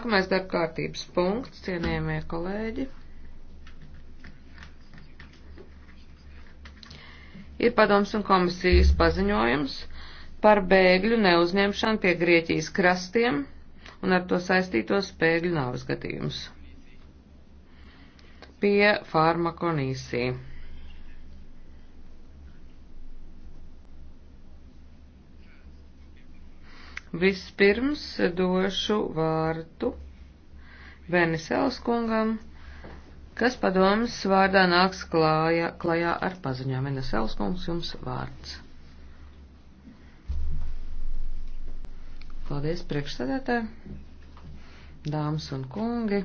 Nākamais darba kārtības punkts, cienījamie kolēģi. Ir padoms un komisijas paziņojums par bēgļu neuzņemšanu pie Grieķijas krastiem un ar to saistītos bēgļu nāves gadījumus. Pie farmakonīsija. Vispirms došu vārdu Venisels kungam, kas padomas vārdā nāks klāja, klajā ar paziņām. Venisels kungs, jums vārds. Paldies priekšsēdētāji, dāmas un kungi.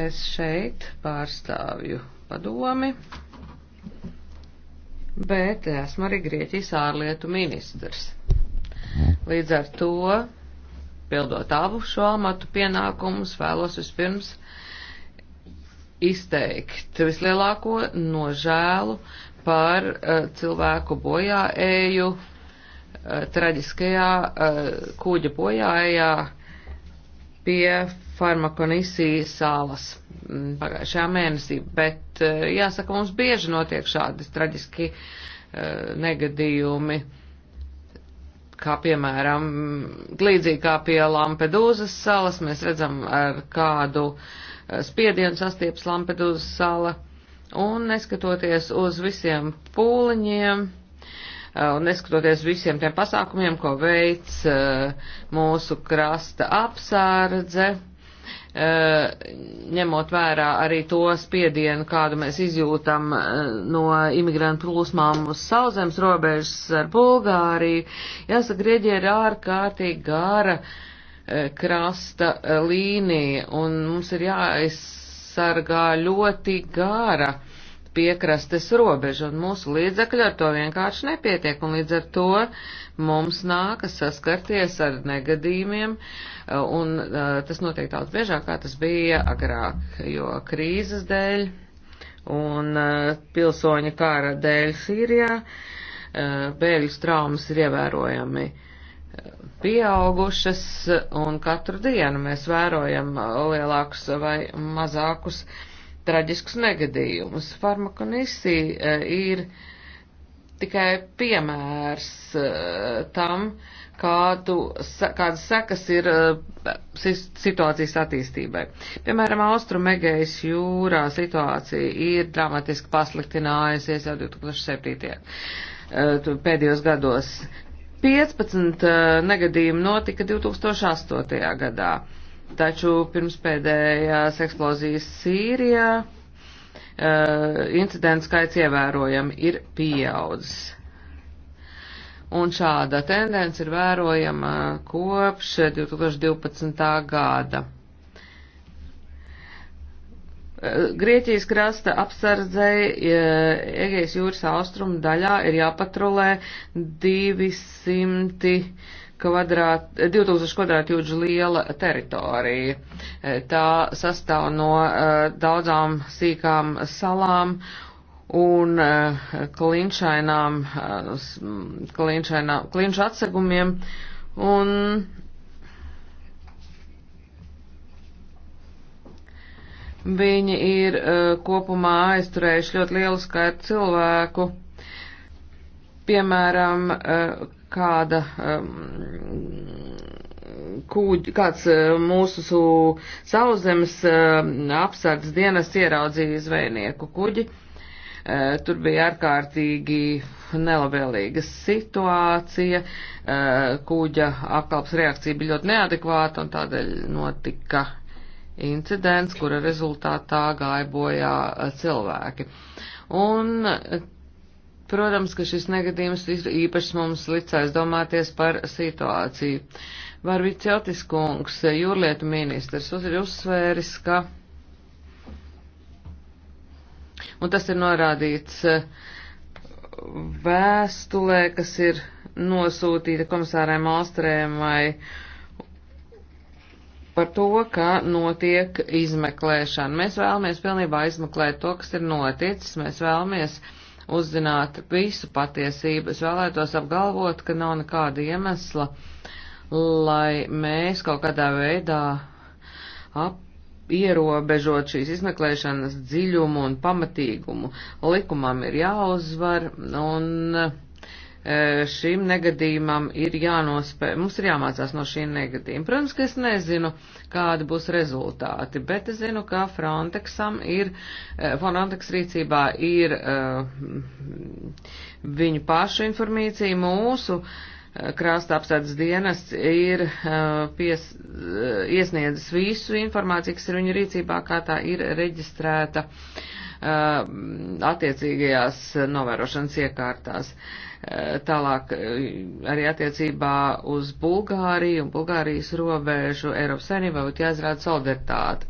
Es šeit pārstāvju padomi, bet esmu arī Grieķijas ārlietu ministrs. Līdz ar to, pildot abu šo amatu pienākumus, vēlos vispirms izteikt vislielāko nožēlu par uh, cilvēku bojā eju, uh, traģiskajā uh, kūģa bojā ejā pie farmakonisī salas mm, pagājušajā mēnesī, bet jāsaka, mums bieži notiek šādi traģiski negadījumi kā piemēram, līdzīgi kā pie Lampedūzas salas, mēs redzam, ar eh, kādu eh, spiedienu sastieps Lampedūzas sala, un neskatoties uz visiem pūliņiem, eh, un neskatoties visiem tiem pasākumiem, ko veic mūsu krasta apsārdze, Eh, ņemot vērā arī to spiedienu, kādu mēs izjūtam eh, no imigrantu plūsmām uz sauzemes robežas ar Bulgāriju. Jāsaka, Grieģija ir ārkārtīgi gara eh, krasta līnija, un mums ir jāaizsargā ļoti gara piekrastes robežu, un mūsu līdzekļi ar to vienkārši nepietiek, un līdz ar to mums nākas saskarties ar negadījumiem, un tas notiek daudz biežāk, kā tas bija agrāk, jo krīzes dēļ un pilsoņa kāra dēļ Sīrijā bēļu traumas ir ievērojami pieaugušas, un katru dienu mēs vērojam lielākus vai mazākus uh, traģiskus negadījumus. Farmakonisi e, ir tikai piemērs e, tam, kādu, kādas sekas ir e, situācijas attīstībai. Piemēram, Austrumegējas jūrā situācija ir dramatiski pasliktinājusies jau 2007. pēdējos gados. 15 negadījumi notika 2008. gadā. Taču pirms pēdējās eksplozijas Sīrijā uh, incidentu skaits ievērojami ir pieaudzis. Un šāda tendence ir vērojama kopš 2012. gada. Eh, Grieķijas krasta apsardzei eh, Egejas jūras austrumu daļā ir jāpatrulē 200 kvadrāt, 2000 eh, kvadrātjūdžu liela teritorija. Eh, tā sastāv no uh, daudzām sīkām salām un uh, klinšainām, uh, klinšainām, klinšu atsegumiem. Un viņi ir kopumā aizturējuši ļoti lielu skaitu cilvēku. Piemēram, kāda um, kūģi, kāds uh, mūsu sauzemes um, apsardzes dienas ieraudzīja zvejnieku kuģi. Uh, tur bija ārkārtīgi nelabvēlīga situācija, uh, kūģa apkalps reakcija bija ļoti neadekvāta un tādēļ notika incidents, kura rezultātā gāja bojā uh, cilvēki. Un Protams, ka šis negadījums īpaši mums licēs domāties par situāciju. Varviciotis kungs, jūrlietu ministrs, ir uzsvēris, ka, un tas ir norādīts vēstulē, kas ir nosūtīta komisārai Malstrēmai par to, ka notiek izmeklēšana. Mēs vēlamies pilnībā izmeklēt to, kas ir noticis. Mēs vēlamies uh, uzzināt visu patiesību. Es vēlētos apgalvot, ka nav nekāda iemesla, lai mēs kaut kādā veidā ap ierobežot šīs izmeklēšanas dziļumu un pamatīgumu. Likumam ir jāuzvar un uh, šim negadījumam ir jānospēj, mums ir jāmācās no šī negadījuma. Protams, ka es nezinu, kādi būs rezultāti, bet es zinu, ka Frontexam ir, Frontex rīcībā ir viņu pašu informācija, mūsu krāsta apsardzes dienas ir pies, iesniedzis visu informāciju, kas ir viņu rīcībā, kā tā ir reģistrēta attiecīgajās novērošanas iekārtās. Uh, Eh, tālāk eh, arī attiecībā uz Bulgāriju un Bulgārijas robežu Eiropas saimnībā būtu jāizrāda solidaritāte.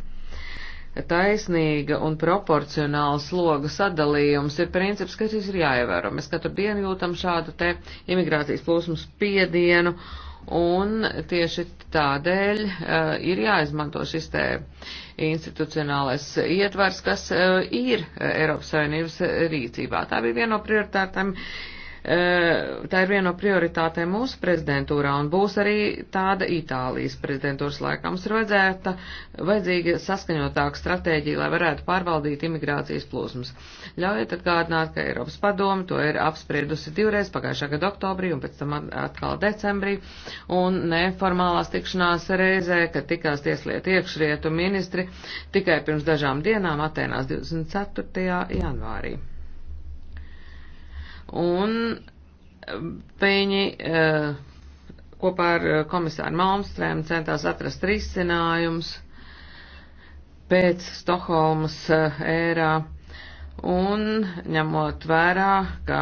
Taisnīga un proporcionāla sloga sadalījums ir princips, kas ir jāievēro. Mēs katru dienu jūtam šādu te imigrācijas plūsmas piedienu un tieši tādēļ uh, ir jāizmanto šis te institucionālais ietvars, kas uh, ir Eiropas Savienības rīcībā. Tā bija viena no prioritātām tā ir viena no prioritātēm mūsu prezidentūrā, un būs arī tāda Itālijas prezidentūras laikā. Mums ir vajadzēta, vajadzīga saskaņotāka stratēģija, lai varētu pārvaldīt imigrācijas plūsmas. Ļaujiet atgādināt, ka Eiropas padomi to ir apspriedusi divreiz pagājušā gada oktobrī un pēc tam atkal decembrī, un neformālās tikšanās reizē, kad tikās tieslietu iekšrietu ministri tikai pirms dažām dienām Atenās 24. janvārī. Un eh, viņi eh, kopā ar eh, komisāru Malmstrēm centās atrast risinājums pēc Stokholmas ērā. Un ņemot vērā, ka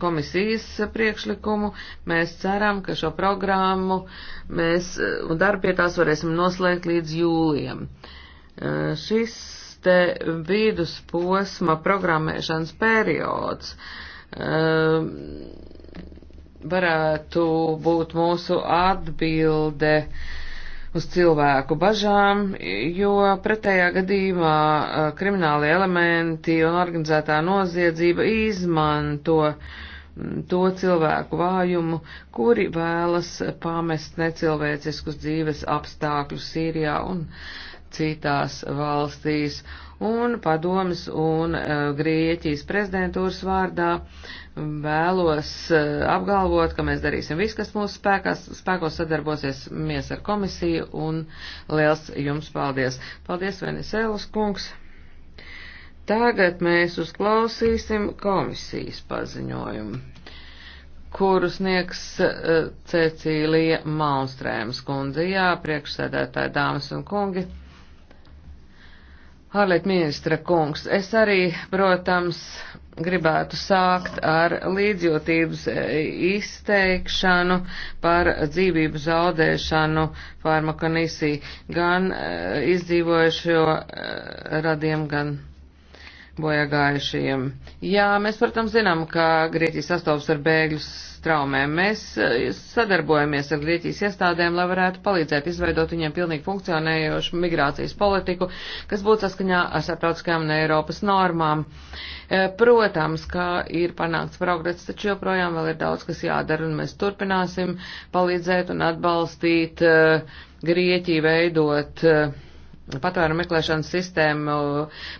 komisijas priekšlikumu mēs ceram, ka šo programmu mēs un darbu pie tās varēsim noslēgt līdz jūlijam. Šis te vidusposma programmēšanas periods uh, Ehm, varētu būt mūsu atbilde uz cilvēku bažām, jo pretējā gadījumā eh, krimināli elementi un organizētā noziedzība izmanto mm, to cilvēku vājumu, kuri vēlas pamest necilvēciskus dzīves apstākļus Sīrijā un uh, citās valstīs. Un padomas un e, Grieķijas prezidentūras vārdā vēlos e, apgalvot, ka mēs darīsim visu, kas mūsu spēkās, spēkos sadarbosies ar komisiju un liels jums paldies. Paldies, Venisēlas kungs. Tagad mēs uzklausīsim komisijas paziņojumu kuru sniegs e, Cecīlija Malmstrēmas kundze. Jā, priekšsēdētāji, dāmas un kungi. Ārlietu ministra kungs, es arī, protams, gribētu sākt ar līdzjūtības e, izteikšanu par dzīvību zaudēšanu farmakonisī gan e, izdzīvojušo e, radiem, gan bojagājušajiem. Jā, mēs, protams, zinām, ka Grieķija sastopas ar bēgļu traumēm. Mēs eh, sadarbojamies ar Grieķijas iestādēm, lai varētu palīdzēt izveidot viņiem pilnīgi funkcionējošu migrācijas politiku, kas būtu saskaņā ar starptautiskajām un Eiropas normām. Eh, protams, ka ir panākts progress, taču joprojām vēl ir daudz, kas jādara, un mēs turpināsim palīdzēt un atbalstīt eh, Grieķiju veidot uh, patvēru meklēšanas sistēmu,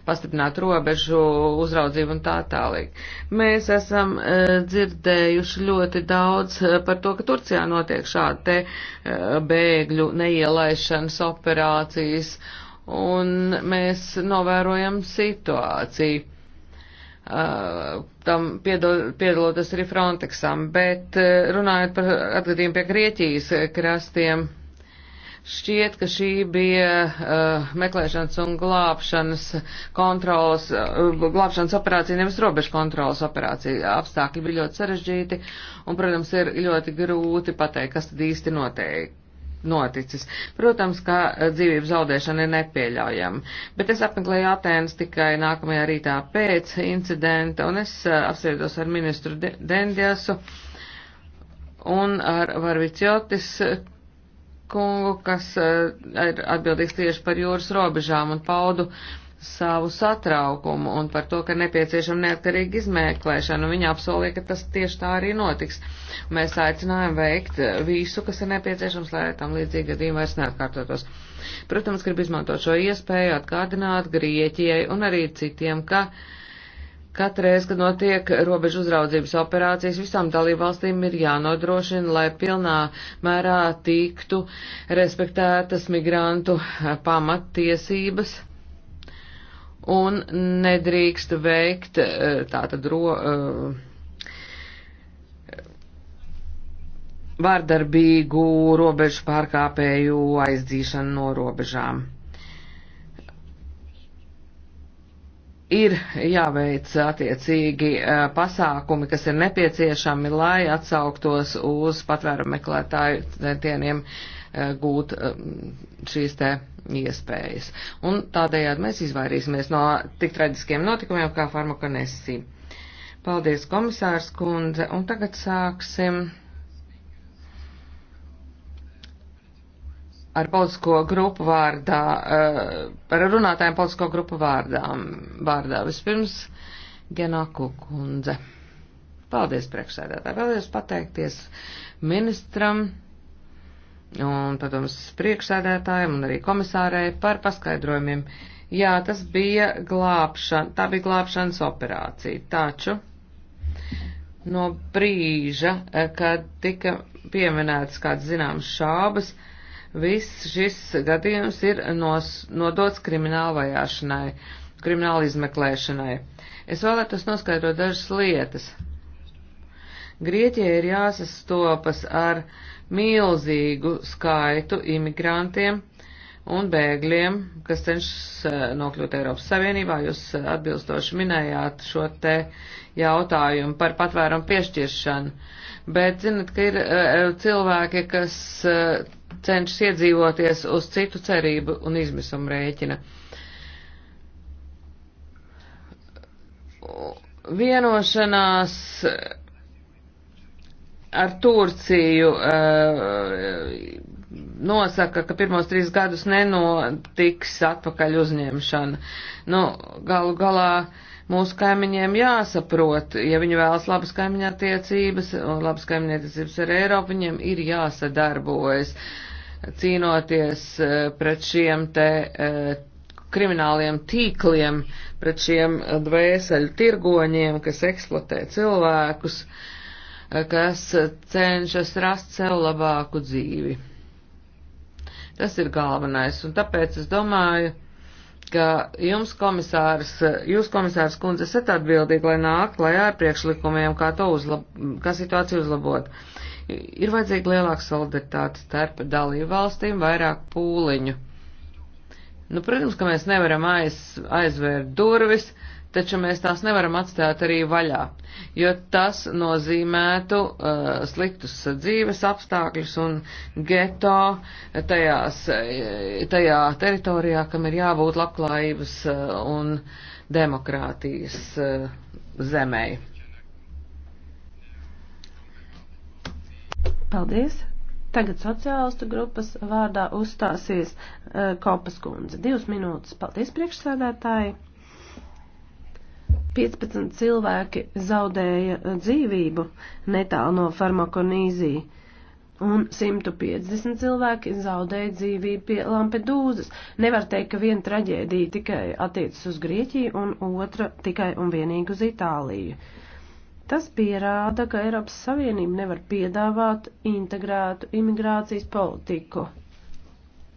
pastiprināt robežu, uzraudzību un tā tālāk. Mēs esam e, dzirdējuši ļoti daudz e, par to, ka Turcijā notiek šāda te e, bēgļu neielaišanas operācijas, un mēs novērojam situāciju. Uh, tam piedaloties arī Frontexam, bet runājot par atgadījumu pie Grieķijas krastiem, uh, Šķiet, ka šī bija uh, meklēšanas un glābšanas kontrolas, uh, glābšanas operācija, nevis robežu kontrolas operācija. Apstākļi bija ļoti sarežģīti un, protams, ir ļoti grūti pateikt, kas tad īsti notiek noticis. Protams, ka uh, dzīvības zaudēšana ir nepieļaujama, bet es apmeklēju Atēnas tikai nākamajā rītā pēc incidenta, un es uh, apsēdos ar ministru Dendjasu un ar Varviciotis kungu, kas eh, ir atbildīgs tieši par jūras robežām un paudu savu satraukumu un par to, ka nepieciešama neatkarīga izmeklēšana. Nu, viņa apsolīja, ka tas tieši tā arī notiks. Mēs aicinājām veikt visu, kas ir nepieciešams, lai tam līdzīgi gadījumi vairs neatkārtotos. Protams, gribu izmantot šo iespēju atgādināt Grieķijai un arī citiem, ka uh, Katreiz, kad notiek robežu uzraudzības operācijas, visām dalībvalstīm ir jānodrošina, lai pilnā mērā tiktu respektētas migrantu eh, pamattiesības un nedrīkst veikt eh, tātad ro, eh, vārdarbīgu robežu pārkāpēju aizdzīšanu no robežām. ir jāveic attiecīgi pasākumi, kas ir nepieciešami, lai atsauktos uz patvēru meklētāju centieniem gūt šīs te iespējas. Un tādējādi mēs izvairīsimies no tik traģiskiem notikumiem kā farmakonesi. Paldies, komisārs kundze, un tagad sāksim. ar politisko grupu vārdā, eh, par runātājiem politisko grupu vārdām, vārdā. Vispirms Genaku kundze. Paldies priekšsēdētāji, vēlējos pateikties ministram un, protams, priekšsēdētājiem un arī komisārai par paskaidrojumiem. Jā, tas bija glābšana, tā bija glābšanas operācija, taču no brīža, eh, kad tika pieminētas kāds zināms šābas, uh, Viss šis gadījums ir nos, nodots krimināla vajāšanai, krimināla izmeklēšanai. Es vēlētos noskaidrot dažas lietas. Grieķija ir jāsastopas ar milzīgu skaitu imigrantiem un bēgļiem, kas cenšas eh, nokļūt Eiropas Savienībā. Jūs eh, atbilstoši minējāt šo te jautājumu par patvērumu piešķiršanu. Bet zinat, ka ir eh, eh, cilvēki, kas eh, cenšas iedzīvoties uz citu cerību un izmisumu rēķina. Vienošanās ar Turciju nosaka, ka pirmos trīs gadus nenotiks atpakaļ uzņemšana. Nu, galu galā mūsu kaimiņiem jāsaprot, ja viņi vēlas labas kaimiņa attiecības, labas kaimiņa attiecības ar Eiropu, viņiem ir jāsadarbojas cīnoties eh, pret šiem te eh, krimināliem tīkliem, pret šiem dvēseļu tirgoņiem, kas eksploatē cilvēkus, eh, kas cenšas rast sev labāku dzīvi. Tas ir galvenais, un tāpēc es domāju, ka jums komisārs, jūs komisārs kundze esat atbildīgi, lai nāk klajā ar priekšlikumiem, kā to uzlab, kā situāciju uzlabot. Ir vajadzīga lielāka solidaritāte starp dalību valstīm, vairāk pūliņu. Nu, protams, ka mēs nevaram aiz, aizvērt durvis, uh, taču mēs tās nevaram atstāt arī vaļā, jo tas nozīmētu uh, sliktus dzīves apstākļus un geto tajās, eh, tajā teritorijā, kam ir jābūt labklājības uh, un demokrātijas uh, zemei. Paldies! Tagad sociālistu grupas vārdā uzstāsies uh, Kopas kundze. Divas minūtes. Paldies, priekšsēdētāji! 15 cilvēki zaudēja uh, dzīvību netālu no farmakonīzija, un 150 cilvēki zaudēja dzīvību pie Lampedūzas. Nevar teikt, ka viena traģēdija tikai attiecas uz Grieķiju, un otra tikai un vienīgi uz Itāliju. Tas pierāda, ka Eiropas Savienība nevar piedāvāt integrētu imigrācijas politiku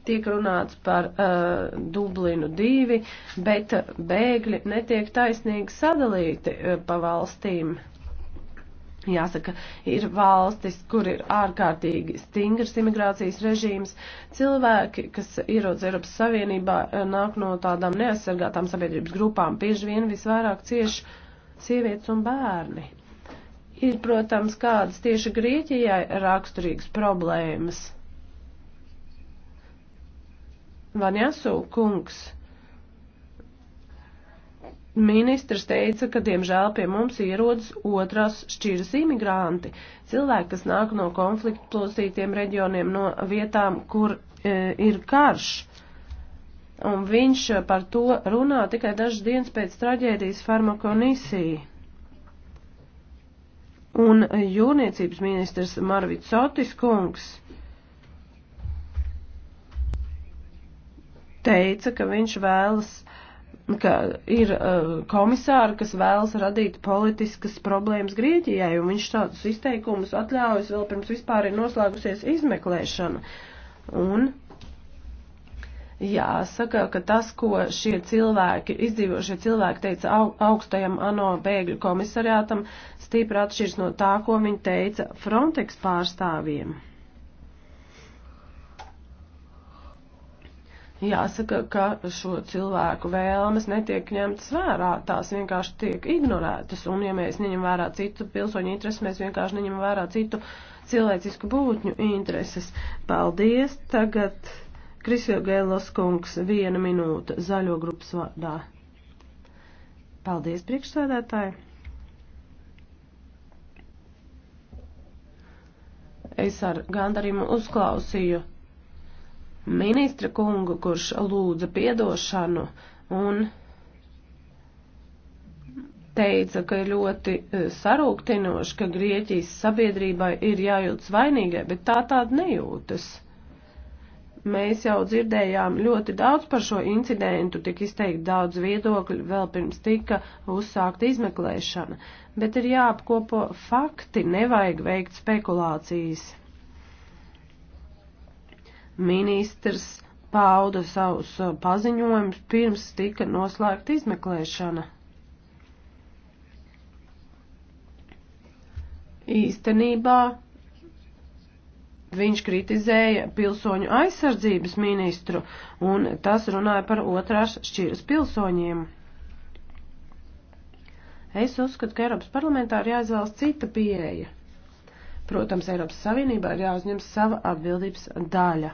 tiek runāts par uh, Dublinu 2, bet bēgļi netiek taisnīgi sadalīti uh, pa valstīm. Jāsaka, ir valstis, kur ir ārkārtīgi stingrs imigrācijas režīms. Cilvēki, kas ierodas Eiropas Savienībā, eh, nāk no tādām neaizsargātām sabiedrības grupām, bieži vien visvairāk cieši sievietes un bērni. Ir, protams, kādas tieši Grieķijai raksturīgas problēmas Vanjasu kungs ministrs teica, ka diemžēl pie mums ierodas otrās šķiras imigranti, cilvēki, kas nāk no konfliktu plosītiem reģioniem, no vietām, kur e, ir karš. Un viņš par to runā tikai dažas dienas pēc traģēdijas farmakonisī. Un jūrniecības ministrs Marvits Sotis kungs teica, ka viņš vēlas, ka ir uh, komisāri, kas vēlas radīt politiskas problēmas Grieķijai, un viņš tādus izteikumus atļaujas vēl pirms vispār ir noslēgusies izmeklēšana. Un jāsaka, ka tas, ko šie cilvēki, izdzīvošie cilvēki teica au, augstajam ANO bēgļu komisariātam, stipri atšķirs no tā, ko viņi teica Frontex pārstāvjiem. Jāsaka, ka šo cilvēku vēlmes netiek ņemtas vērā, tās vienkārši tiek ignorētas, un ja mēs neņem vērā citu pilsoņu intereses, mēs vienkārši neņem vērā citu cilvēcisku būtņu intereses. Paldies! Tagad Krisio Gēlos kungs viena minūte zaļo grupas vārdā. Paldies, priekšsēdētāji! Es ar gandarījumu uzklausīju ministra kungu, kurš lūdza piedošanu un teica, ka ir ļoti e, sarūktinoši, ka Grieķijas sabiedrībai ir jājūtas vainīgai, bet tā tāda nejūtas. Mēs jau dzirdējām ļoti daudz par šo incidentu, tika izteikti daudz viedokļu, vēl pirms tika uzsākta izmeklēšana, bet ir jāapkopo fakti, nevajag veikt spekulācijas ministrs pauda savus uh, paziņojumus pirms tika noslēgta izmeklēšana. Īstenībā viņš kritizēja pilsoņu aizsardzības ministru, un tas runāja par otrās šķiras pilsoņiem. Es uzskatu, ka Eiropas parlamentā ir jāizvēlas cita pieeja. Protams, Eiropas Savienībā ir jāuzņem sava atbildības daļa.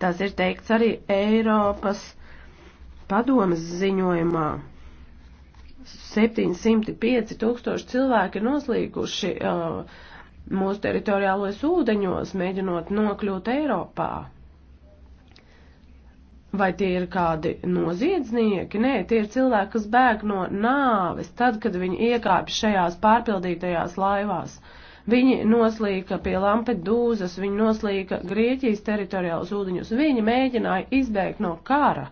Tas ir teikts arī Eiropas padomas ziņojumā. 705 tūkstoši cilvēki ir noslīguši uh, mūsu teritoriālojas ūdeņos, mēģinot nokļūt Eiropā. Vai tie ir kādi noziedznieki? Nē, tie ir cilvēki, kas bēg no nāves, tad, kad viņi iekāpj šajās pārpildītajās laivās. Uh, Viņi noslīka pie Lampedūzas, viņi noslīka Grieķijas teritoriālus ūdeņus. Viņi mēģināja izbēgt no kara.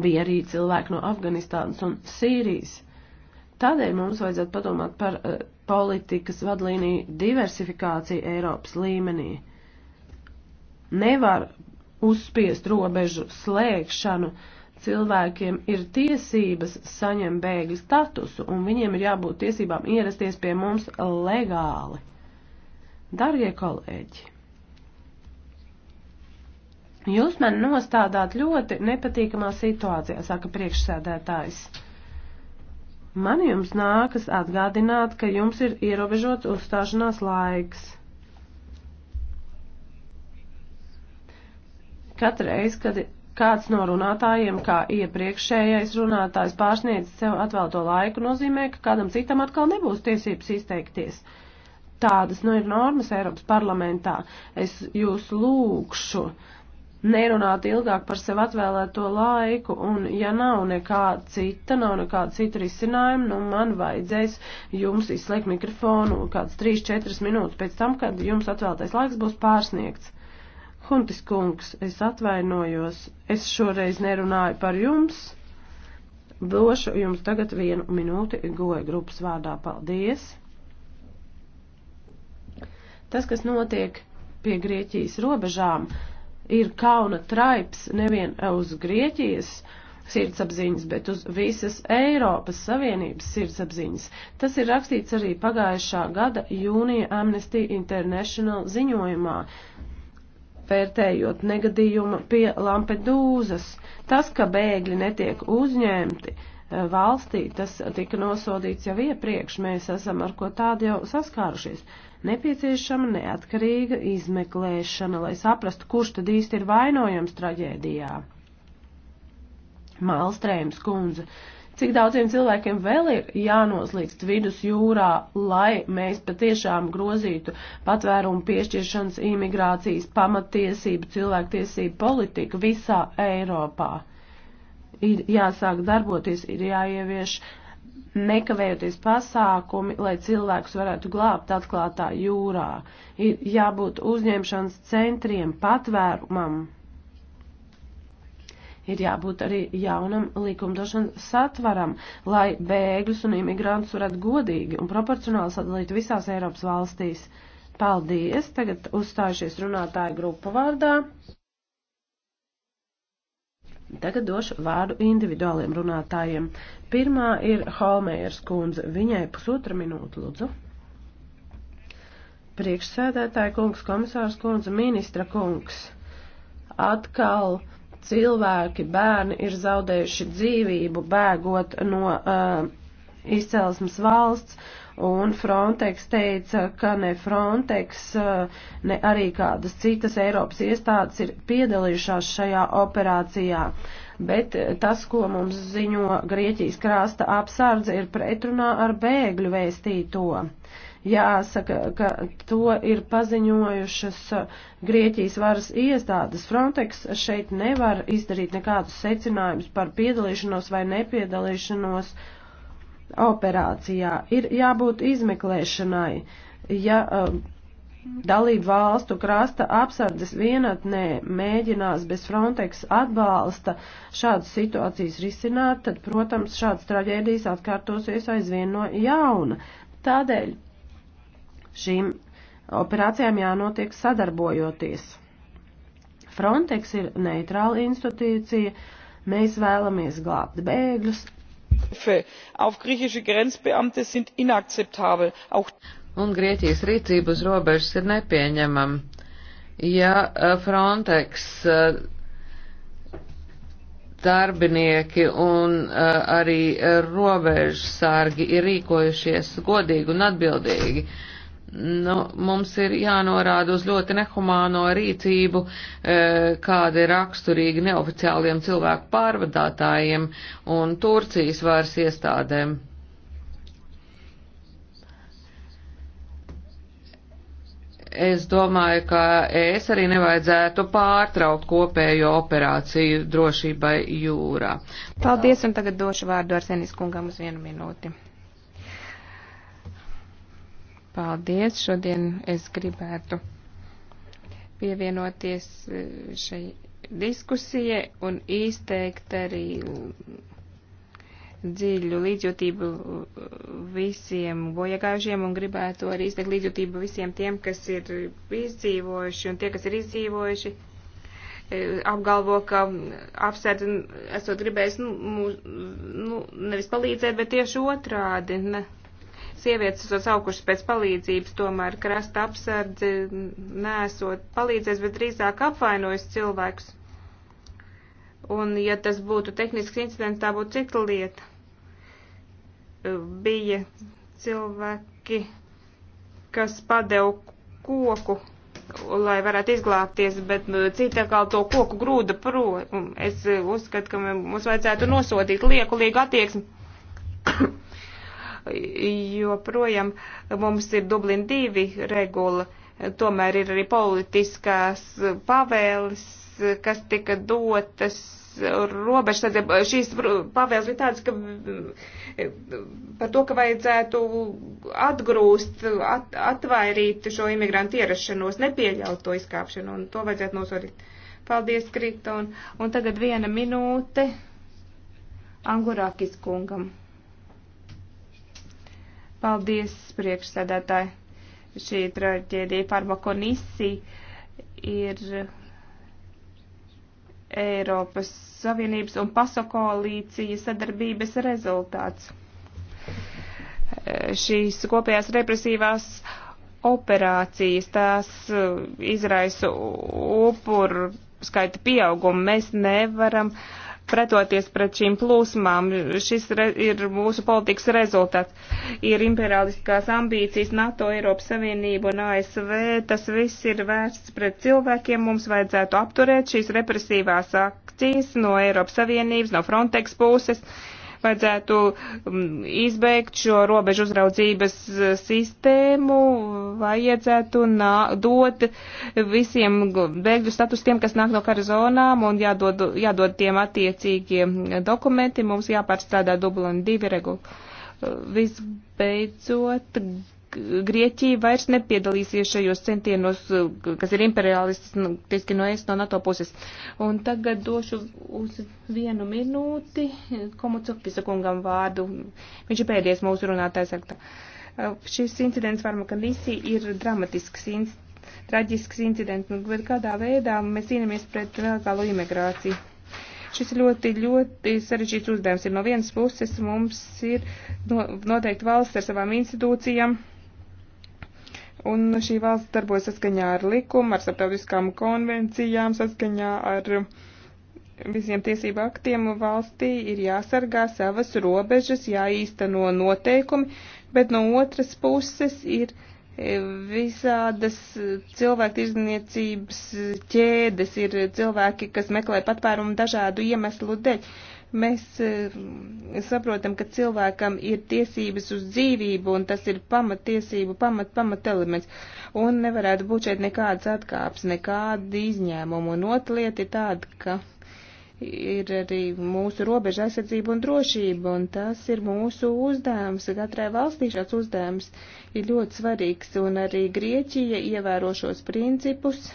Bija arī cilvēki no Afganistānas un Sīrijas. Tādēļ mums vajadzētu padomāt par uh, politikas vadlīniju diversifikāciju Eiropas līmenī. Nevar uzspiest robežu slēgšanu. Uh, cilvēkiem ir tiesības saņemt bēgļu statusu, un viņiem ir jābūt tiesībām ierasties pie mums legāli. Darbie kolēģi, jūs mani nostādāt ļoti nepatīkamā situācijā, saka priekšsēdētājs. Man jums nākas atgādināt, ka jums ir ierobežots uzstāšanās laiks. Katreiz, kad kāds no runātājiem, kā iepriekšējais runātājs pārsniedz sev atvēlto laiku, nozīmē, ka kādam citam atkal nebūs tiesības izteikties. Tādas nu ir normas Eiropas parlamentā. Es jūs lūkšu nerunāt ilgāk par sev atvēlēto laiku, un ja nav nekā cita, nav nekā cita risinājuma, nu man vajadzēs jums izslēgt mikrofonu kāds 3-4 minūtes pēc tam, kad jums atvēltais laiks būs pārsniegts. Huntis kungs, es atvainojos, es šoreiz nerunāju par jums. Došu jums tagad vienu minūti goja grupas vārdā. Paldies! Tas, kas notiek pie Grieķijas robežām, ir kauna traips nevien uz Grieķijas sirdsapziņas, bet uz visas Eiropas Savienības sirdsapziņas. Tas ir rakstīts arī pagājušā gada jūnija Amnesty International ziņojumā vērtējot negadījumu pie Lampedūzas. Tas, ka bēgļi netiek uzņemti eh, valstī, tas tika nosodīts jau iepriekš, mēs esam ar ko tādu jau saskārušies. Nepieciešama neatkarīga izmeklēšana, lai saprastu, kurš tad īsti ir vainojams traģēdijā. Mālstrēms kundze. Uh, cik daudziem cilvēkiem vēl ir jānoslīgst vidus jūrā, lai mēs patiešām grozītu patvērumu piešķiršanas, imigrācijas, pamatiesību, cilvēktiesību politiku visā Eiropā. Ir jāsāk darboties, ir jāievieš nekavējoties pasākumi, lai cilvēkus varētu glābt atklātā jūrā. Ir jābūt uzņemšanas centriem patvērumam ir jābūt arī jaunam likumdošanas satvaram, lai bēgļus un imigrantus varētu godīgi un proporcionāli sadalīt visās Eiropas valstīs. Paldies! Tagad uzstājušies runātāju grupu vārdā. Tagad došu vārdu individuāliem runātājiem. Pirmā ir Holmējers kundze. Viņai pusotra minūte, lūdzu priekšsēdētāja kungs, komisārs kundze, ministra kungs. Atkal cilvēki, bērni ir zaudējuši dzīvību, bēgot no uh, izcelsmes valsts, un Frontex teica, ka ne Frontex, uh, ne arī kādas citas Eiropas iestādes ir piedalījušās šajā operācijā. Bet uh, tas, ko mums ziņo Grieķijas krāsta apsardze, ir pretrunā ar bēgļu vēstīto. Uh, Jāsaka, ka to ir paziņojušas Grieķijas varas iestādes. Frontex šeit nevar izdarīt nekādus secinājumus par piedalīšanos vai nepiedalīšanos operācijā. Ir jābūt izmeklēšanai. Ja, uh, Dalību valstu krasta apsardzes vienatnē mēģinās bez Frontex atbalsta šādas situācijas risināt, tad, protams, šādas traģēdijas atkārtosies aizvien no jauna. Tādēļ šīm operācijām jānotiek sadarbojoties. Frontex ir neitrāla institūcija, mēs vēlamies glābt bēgļus. Auf griechische Grenzbeamte sind inakzeptabel. Auch un Grieķijas rīcība uz robežas ir nepieņemama. Ja Frontex darbinieki un arī robežas sārgi ir rīkojušies godīgi un atbildīgi, Nu, mums ir jānorāda uz ļoti nehumāno rīcību, e, kāda ir raksturīga neoficiāliem cilvēku pārvadātājiem un Turcijas vairs iestādēm. Es domāju, ka es arī nevajadzētu pārtraukt kopējo operāciju drošībai jūrā. Paldies, un tagad došu vārdu Arsenis kungam uz vienu minūti. Paldies! Šodien es gribētu pievienoties e, šai diskusijai un izteikt arī dziļu līdzjūtību visiem bojagājušiem un gribētu arī izteikt līdzjūtību visiem tiem, kas ir izdzīvojuši un tie, kas ir izdzīvojuši, e, apgalvo, ka apsēdz esot gribējis, nu, nu, nevis palīdzēt, bet tieši otrādi. Ne sievietes esot saukušas pēc palīdzības, tomēr krasta apsardzi nesot palīdzēs, bet drīzāk apvainojas cilvēkus. Un, ja tas būtu tehnisks incidents, tā būtu cita lieta. Bija cilvēki, kas padeva koku, lai varētu izglābties, bet nu, cita kā to koku grūda prom. Es uzskatu, ka mums vajadzētu nosodīt liekulīgu attieksmi joprojām mums ir Dublin 2 regula, tomēr ir arī politiskās pavēles, kas tika dotas robežsardzība. Šīs pavēles bija tādas, ka mm, par to, ka vajadzētu atgrūst, at, atvairīt šo imigrantu ierašanos, nepieļaut to izkāpšanu, un to vajadzētu nosodīt. Paldies, Kriton. Un tagad viena minūte Angurākis kungam. Paldies, priekšsēdētāji. Šī traģēdija Parmakonisi ir Eiropas Savienības un PASO koalīcijas sadarbības rezultāts. Šīs kopējās represīvās operācijas, tās uh, izraisa upuru skaita pieaugumu. Mēs nevaram uh, pretoties pret šīm plūsmām. Šis re, ir mūsu politikas rezultāts. Ir imperialistiskās ambīcijas NATO, Eiropas Savienība un ASV. Tas viss ir vērsts pret cilvēkiem. Mums vajadzētu apturēt šīs represīvās akcijas no Eiropas Savienības, no Frontex puses. Uh, vajadzētu mm, izbeigt šo robežu uzraudzības eh, sistēmu, vajadzētu nā, dot visiem bēgļu status tiem, kas nāk no kara zonām un jādod, jādod tiem attiecīgie dokumenti, mums jāpārstrādā Dublina divi regula. Eh, visbeidzot, Grieķija vairs nepiedalīsies šajos centienos, kas ir imperialists, nu, tieši no es, no NATO puses. Un tagad došu uz vienu minūti Komucokpisa kungam vārdu. Viņš ir pēdējais mūsu runātājs. Šis incidents Varmakanisi ir dramatisks incidents traģisks incidents, nu, bet kādā veidā mēs cīnāmies pret nelegālo imigrāciju. Šis ļoti, ļoti sarežģīts uzdevums ir no vienas puses mums ir noteikti valsts ar savām institūcijām, Un šī valsts darbojas saskaņā ar likumu, ar starptautiskām konvencijām, saskaņā ar visiem tiesību aktiem valstī ir jāsargā savas robežas, jāīsteno noteikumi, bet no otras puses ir e, visādas cilvēktirzniecības ķēdes, ir cilvēki, kas meklē patvērumu dažādu iemeslu dēļ. Mēs e, saprotam, ka cilvēkam ir tiesības uz dzīvību, un tas ir pamatiesību, pamat, pamat elements. Un nevarētu būt šeit nekādas atkāps, nekāda izņēmuma. Un otra lieta ir tāda, ka ir arī mūsu robeža aizsardzība un drošība, un tas ir mūsu uzdevums. Katrai valstī šāds uzdevums ir ļoti svarīgs, un arī Grieķija ievēro šos principus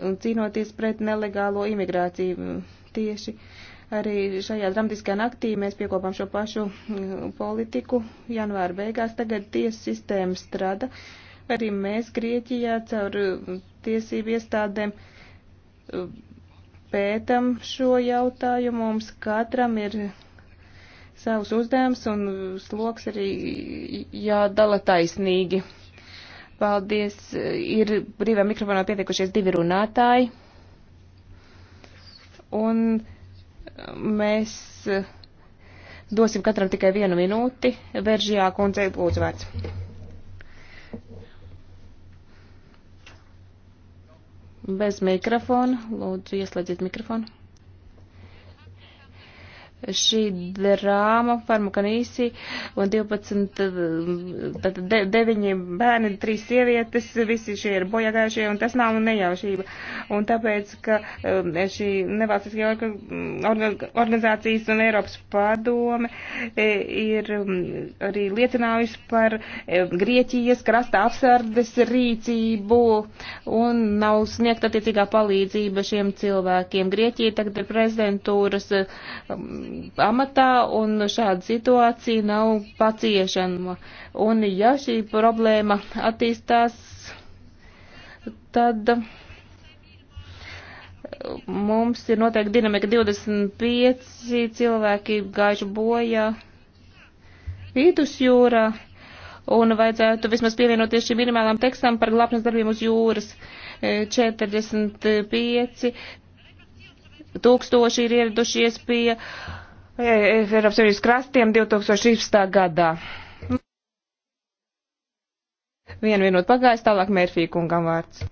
un cīnoties pret nelegālo imigrāciju tieši. Uh, Arī šajā dramatiskajā naktī mēs piekopām šo pašu mm, politiku janvāra beigās. Tagad tiesu sistēma strada. Arī mēs Grieķijā caur mm, tiesību iestādēm mm, pētam šo jautājumu. Mums katram ir savs uzdevums un sloks arī jādala taisnīgi. Paldies. Ir brīvā mikrofonā pieteikušies divi runātāji. Un Mēs eh, dosim katram tikai vienu minūti. Veržijā kundzei lūdzu vārds. Bez mikrofona. Lūdzu, ieslēdziet mikrofonu šī drāma farmakanīsi un 12, eh, tad 9 bērni, 3 sievietes, visi šie ir bojagājušie un tas nav nejaušība. Un tāpēc, ka eh, šī nevalstiskie organizācijas un Eiropas padome eh, ir mm, arī liecinājusi par Grieķijas krasta apsardes rīcību un nav sniegta attiecīgā palīdzība šiem cilvēkiem. Grieķija tagad ir prezidentūras amatā, un šāda situācija nav paciešama. Un ja šī problēma attīstās, tad mums ir noteikti dinamika 25 cilvēki gājuši bojā vidusjūrā, un vajadzētu vismaz pievienoties šim minimālam tekstam par glābšanas darbiem uz jūras. 45 tūkstoši ir ieradušies pie e, e, Eiropas Savienības krastiem 2016. gadā. Vienu minūtu pagājis, tālāk Mērfī kungam vārds.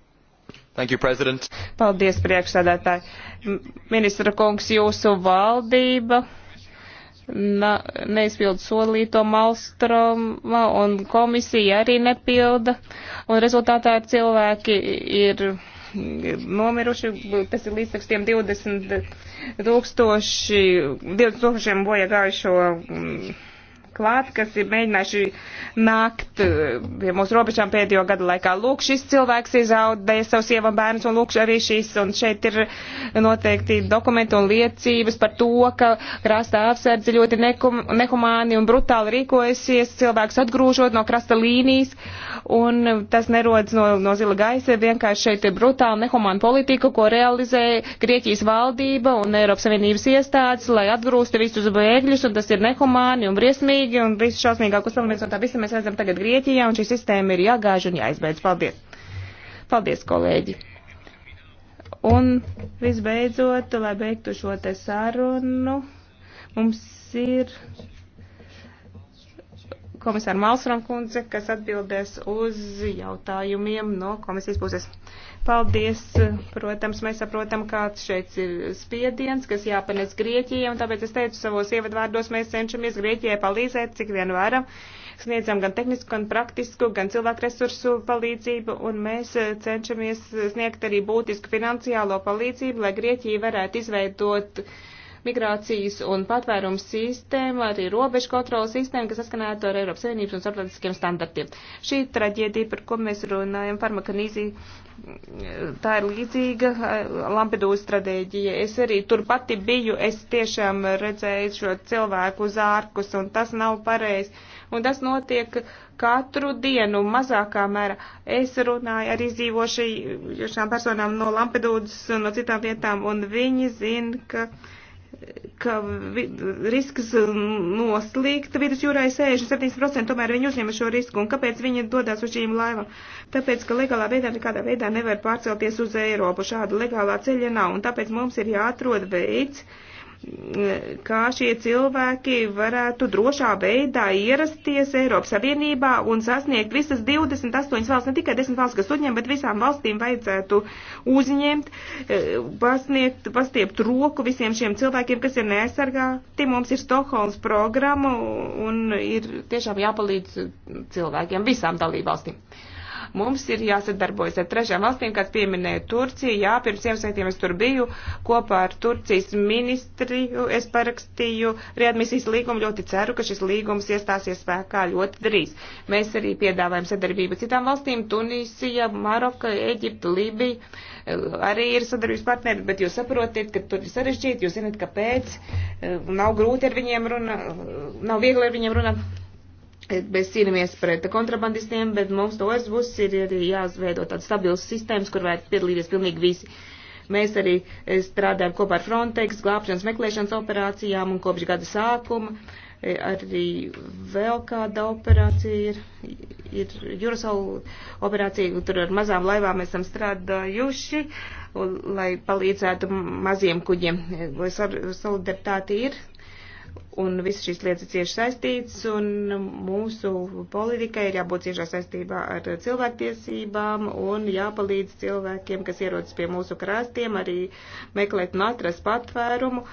Thank you, President. Paldies, priekšsēdētāji. Ministra kungs, jūsu valdība na, neizpilda solīto malstroma un komisija arī nepilda. Un rezultātā cilvēki ir nomiruši, tas ir līdz tiem 20 tūkstoši, 20 tūkstošiem bojā gājušo mm, klāt, kas ir mēģinājuši nākt eh, pie mūsu robežām pēdējo gadu laikā. Lūk, šis cilvēks izaudēja savus sievam bērnus, un lūk, arī šis, un šeit ir noteikti dokumenti un liecības par to, ka krasta apsardzi ļoti nekum, nehumāni un brutāli rīkojasies, cilvēks atgrūžot no krasta līnijas, un tas nerodas no, no zila gaisa, vienkārši šeit ir brutāli nehumāna politika, ko realizē Grieķijas valdība un Eiropas Savienības iestādes, lai atgrūstu visus bēgļus, un tas ir nehumāni un briesmīgi svarīgi, un visus šausmīgākos elementus no tā visa mēs redzam tagad Grieķijā, un šī sistēma ir jāgāž un jāizbeidz. Paldies! Paldies, kolēģi! Un visbeidzot, lai beigtu šo te sarunu, mums ir komisāra Malsram kundze, kas atbildēs uz jautājumiem no komisijas puses. Paldies. Protams, mēs saprotam, kāds šeit ir spiediens, kas jāpanes Grieķijai, un tāpēc es teicu savos ievadvārdos, mēs cenšamies Grieķijai palīdzēt, cik vien varam. Sniedzam gan tehnisku, gan praktisku, gan cilvēku resursu palīdzību, un mēs cenšamies sniegt arī būtisku finansiālo palīdzību, lai Grieķija varētu izveidot uh, migrācijas un patvērums sistēma, arī robežu kontrolas sistēma, kas saskanētu ar Eiropas Savienības un starptautiskiem standartiem. Šī traģēdija, par ko mēs runājam, farmakanīzija, tā ir līdzīga eh, Lampedūzas traģēdija. Es arī tur pati biju, es tiešām redzēju šo cilvēku zārkus, un tas nav pareizi. Un tas notiek katru dienu mazākā mērā. Es runāju ar izdzīvošajām personām no Lampedūzas un no citām vietām, un viņi zina, ka ka risks noslīgt vidusjūrā ir 67%, tomēr viņi uzņem šo risku. Un kāpēc viņi dodas uz šīm laivām? Tāpēc, ka legālā veidā nekādā veidā nevar pārcelties uz Eiropu. Šāda legālā ceļa nav, un tāpēc mums ir jāatrod veids, uh, kā šie cilvēki varētu drošā veidā ierasties Eiropas Savienībā un sasniegt visas 28 valsts, ne tikai 10 valsts, kas uzņem, bet visām valstīm vajadzētu uzņemt, eh, pasniegt, pastiept roku visiem šiem cilvēkiem, kas ir neaizsargāti. Mums ir Stokholmas programma un ir tiešām jāpalīdz cilvēkiem visām dalībvalstīm. Mums ir jāsadarbojas ar trešām valstīm, kāds pieminēja Turciju. Jā, pirms Ziemassvētkiem es tur biju. Kopā ar Turcijas ministriju es parakstīju readmisijas līgumu. Ļoti ceru, ka šis līgums iestāsies spēkā ļoti drīz. Mēs arī piedāvājam sadarbību citām valstīm - Tunisija, Maroka, Eģipta, Libija. Eh, arī ir sadarbības partneri, bet jūs saprotiet, ka tur ir sarežģīti. Jūs zinat, kāpēc. Eh, nav grūti ar viņiem runāt, eh, nav viegli ar viņiem runāt mēs cīnāmies pret kontrabandistiem, bet mums to es būs ir arī jāizveido tāds stabils sistēmas, kur varētu piedalīties pilnīgi visi. Mēs arī e, strādājam kopā ar Frontex, glābšanas meklēšanas operācijām un kopš gada sākuma e, arī vēl kāda operācija ir, ir Jurasol operācija, tur ar mazām laivām mēs esam strādājuši, un, lai palīdzētu maziem kuģiem, lai e, solidaritāte ir un visas šīs lietas ir cieši saistītas, un mūsu politika ir jābūt ciešā saistībā ar cilvēktiesībām un jāpalīdz cilvēkiem, kas ierodas pie mūsu krastiem, arī meklēt un atrast patvērumu.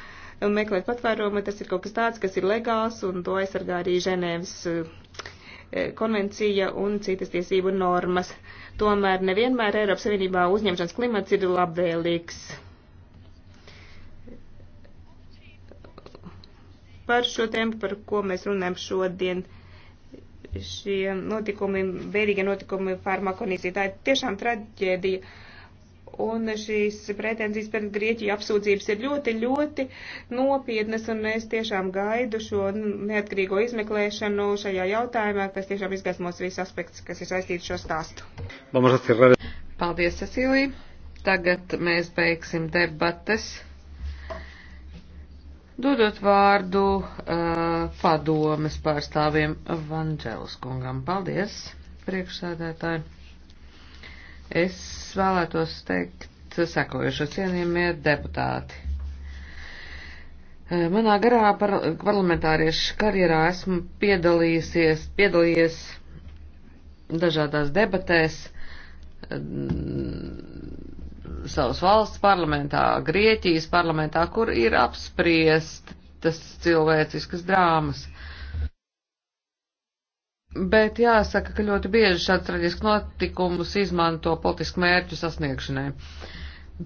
Meklēt patvērumu, tas ir kaut kas tāds, kas ir legāls, un to aizsargā arī Ženēvas eh, konvencija un citas tiesību normas. Tomēr nevienmēr Eiropas Savienībā uzņemšanas klimats ir labvēlīgs par šo tēmu, par ko mēs runājam šodien. Šie notikumi, bēdīgie notikumi farmakonīzija, tā ir tiešām traģēdija. Un šīs pretenzijas pret Grieķiju apsūdzības ir ļoti, ļoti nopietnas, un es tiešām gaidu šo neatkarīgo izmeklēšanu šajā jautājumā, kas tiešām izgaismos visus aspektus, kas ir saistīti šo stāstu. Paldies, Cecīlija. Tagad mēs beigsim debates. Dodot vārdu uh, padomes pārstāvjiem Vanģēlas kungam. Paldies, priekšsēdētāji. Es vēlētos teikt sekojušo cienījumie deputāti. Eh, manā garā par, parlamentāriešu karjerā esmu piedalījies, piedalījies dažādās debatēs, eh, savas valsts parlamentā, Grieķijas parlamentā, kur ir apspriestas cilvēciskas drāmas. Bet jāsaka, ka ļoti bieži šāds traģisks notikumus izmanto politisku mērķu sasniegšanai.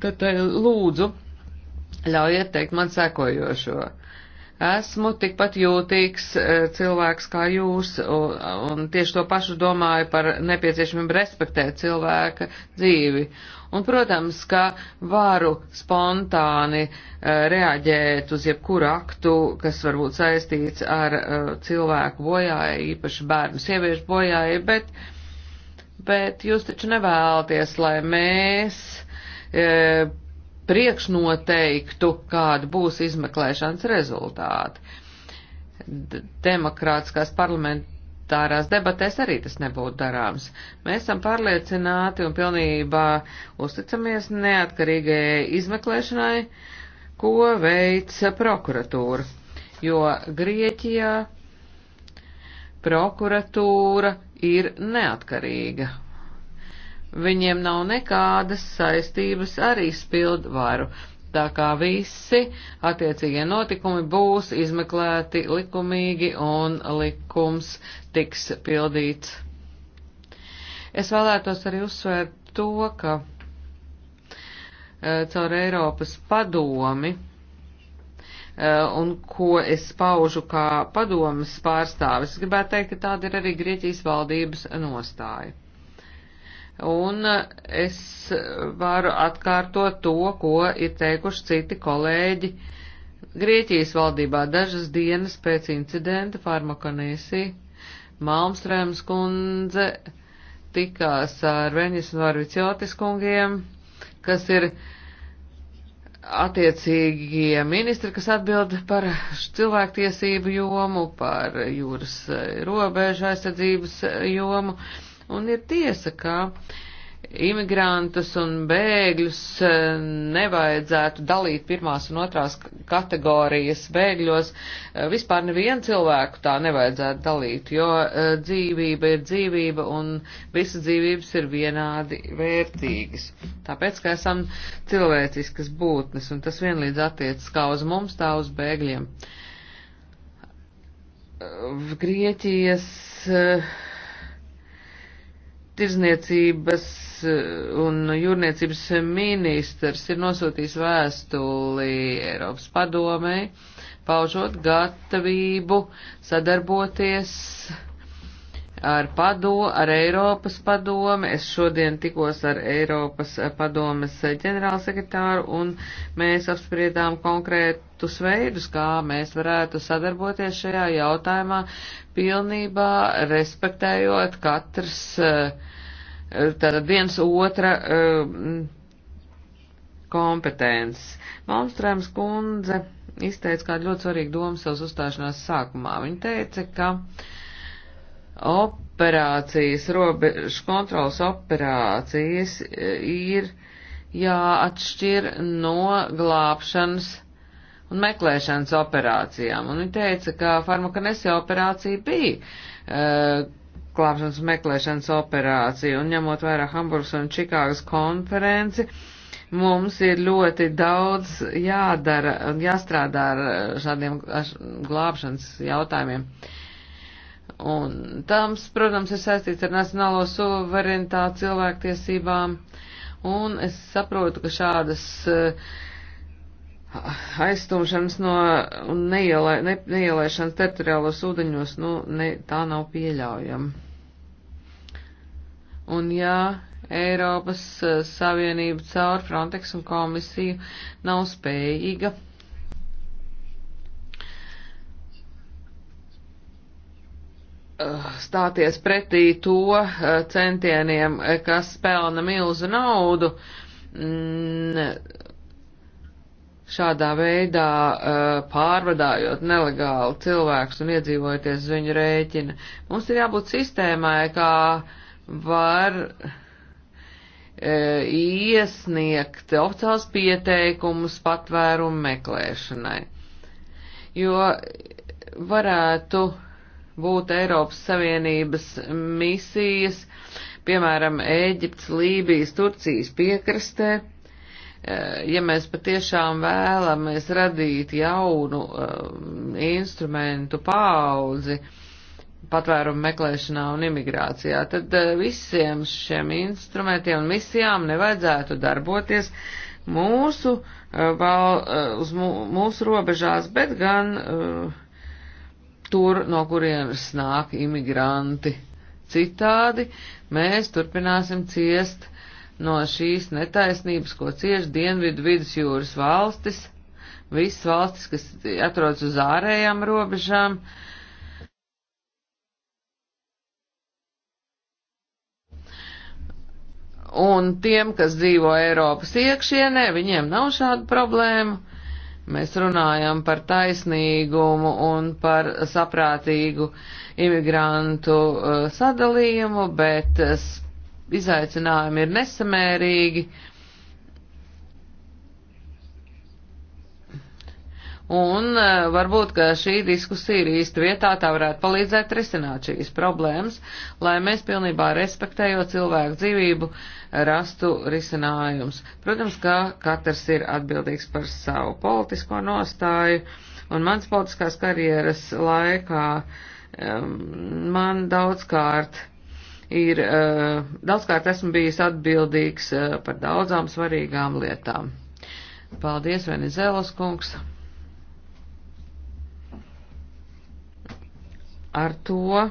Tad eh, lūdzu, ļaujiet teikt man sekojošo. Esmu tikpat jūtīgs e, cilvēks kā jūs, un tieši to pašu domāju par nepieciešamību respektēt cilvēka dzīvi. Un, protams, ka varu spontāni e, reaģēt uz jebkuru aktu, kas varbūt saistīts ar e, cilvēku bojāju, īpaši bērnu sieviešu bojāju, bet, bet jūs taču nevēlaties, lai mēs. E, priekšnoteiktu, kāda būs izmeklēšanas rezultāti. D demokrātiskās parlamentārās debatēs arī tas nebūtu darāms. Mēs esam pārliecināti un pilnībā uzticamies neatkarīgajai izmeklēšanai, ko veic prokuratūra, jo Grieķijā prokuratūra ir neatkarīga viņiem nav nekādas saistības ar izpildu varu. Tā kā visi attiecīgie notikumi būs izmeklēti likumīgi un likums tiks pildīts. Es vēlētos arī uzsvērt to, ka eh, caur Eiropas padomi eh, un ko es paužu kā padomas pārstāvis, gribētu teikt, ka tāda ir arī Grieķijas valdības nostāja. Un eh, es varu atkārtot to, ko ir teikuši citi kolēģi. Grieķijas valdībā dažas dienas pēc incidenta farmakonēsī Malmstrēms kundze tikās ar Veņas un Varviciotis kungiem, kas ir attiecīgie ministri, kas atbild par cilvēktiesību jomu, par jūras robežu aizsardzības jomu. Uh, Un ir tiesa, ka imigrantus un bēgļus eh, nevajadzētu dalīt pirmās un otrās kategorijas bēgļos. Eh, vispār nevienu cilvēku tā nevajadzētu dalīt, jo eh, dzīvība ir dzīvība un visas dzīvības ir vienādi vērtīgas. Tāpēc, ka esam cilvēciskas būtnes un tas vienlīdz attiecas kā uz mums, tā uz bēgļiem. Grieķijas uh, Tirzniecības eh, un jūrniecības ministrs ir nosūtījis vēstuli Eiropas padomē, paužot gatavību sadarboties ar, pado, ar Eiropas padomi. Es šodien tikos ar Eiropas padomes ģenerālsekretāru un mēs apspriedām konkrētus veidus, kā mēs varētu sadarboties šajā jautājumā, pilnībā respektējot katrs eh, tātad viens otra eh, kompetences. Malmstrēms kundze izteica kādu ļoti svarīgu domu savas uzstāšanās sākumā. Viņa teica, ka uh, operācijas, robežu kontrolas operācijas eh, ir jāatšķir no glābšanas un meklēšanas operācijām. Un viņa teica, ka farmakanesi operācija bija uh, glābšanas un meklēšanas operācija, un ņemot vērā Hamburgas un Čikāgas konferenci, mums ir ļoti daudz jādara un jāstrādā ar šādiem ar glābšanas jautājumiem. Uh, Un tams, protams, ir saistīts ar nacionālo suverenitāti cilvēktiesībām, un es saprotu, ka šādas eh, aizstumšanas no un neielai, ne, neielaišanas teritoriālos ūdeņos, nu, ne, tā nav pieļaujama. Un jā, Eiropas eh, Savienība caur Frontex un komisiju nav spējīga Eh, stāties pretī to eh, centieniem, eh, kas pelna milzu naudu, mm, šādā veidā pārvadājot nelegāli cilvēkus un iedzīvojoties uz viņu rēķina. Mums ir jābūt sistēmai, kā var iesniegt oficiāls pieteikumus patvērumu meklēšanai. Jo varētu uh, būt Eiropas Savienības misijas, piemēram, Ēģiptes, Lībijas, Turcijas piekrastē. Eh, ja mēs patiešām vēlamies radīt jaunu eh, instrumentu paudzi patvērumu meklēšanā un imigrācijā, tad eh, visiem šiem instrumentiem un misijām nevajadzētu darboties mūsu, val, uz mūsu robežās, bet gan uh, tur, no kurienes nāk imigranti. Citādi mēs turpināsim ciest no šīs netaisnības, ko cieš Dienvidu vidusjūras valstis, visas valstis, kas atrodas uz ārējām robežām. Un tiem, kas dzīvo Eiropas iekšienē, viņiem nav šādu problēmu Mēs runājam par taisnīgumu un par saprātīgu imigrantu uh, sadalījumu, bet uh, izaicinājumi ir nesamērīgi. Uh, Un e, varbūt, ka šī diskusija ir īsta vietā, tā varētu palīdzēt risināt šīs problēmas, lai mēs pilnībā respektējot cilvēku dzīvību e, rastu risinājums. Protams, ka katrs ir atbildīgs par savu politisko nostāju, un mans politiskās karjeras laikā um, man daudzkārt ir, uh, daudzkārt esmu bijis atbildīgs uh, par daudzām svarīgām lietām. Paldies, Venizēlas kungs! ar to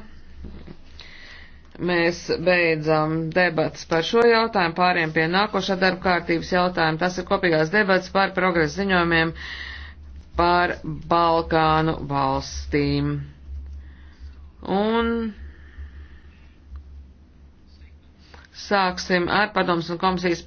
mēs beidzam debats par šo jautājumu, pāriem pie nākošā darba kārtības jautājuma. Tas ir kopīgās debats par progresa ziņojumiem par Balkānu valstīm. Un sāksim ar padoms un komisijas.